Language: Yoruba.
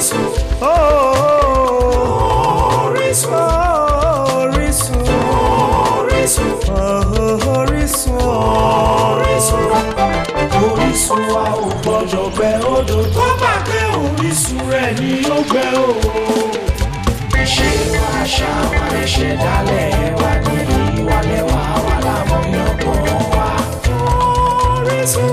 Orísun. Orísun. Orísun. Orísun. Orísun. Orísun. Orísun wa ò gbọ́dọ̀ gbẹ odò tó bá gbé orísun rẹ̀ ni ó gbẹ o. Ṣé àṣà wa ìṣẹ̀dálẹ̀ wa ni ìwàlẹ̀ wa wà láwọn ọkọ̀ wa? Orísun.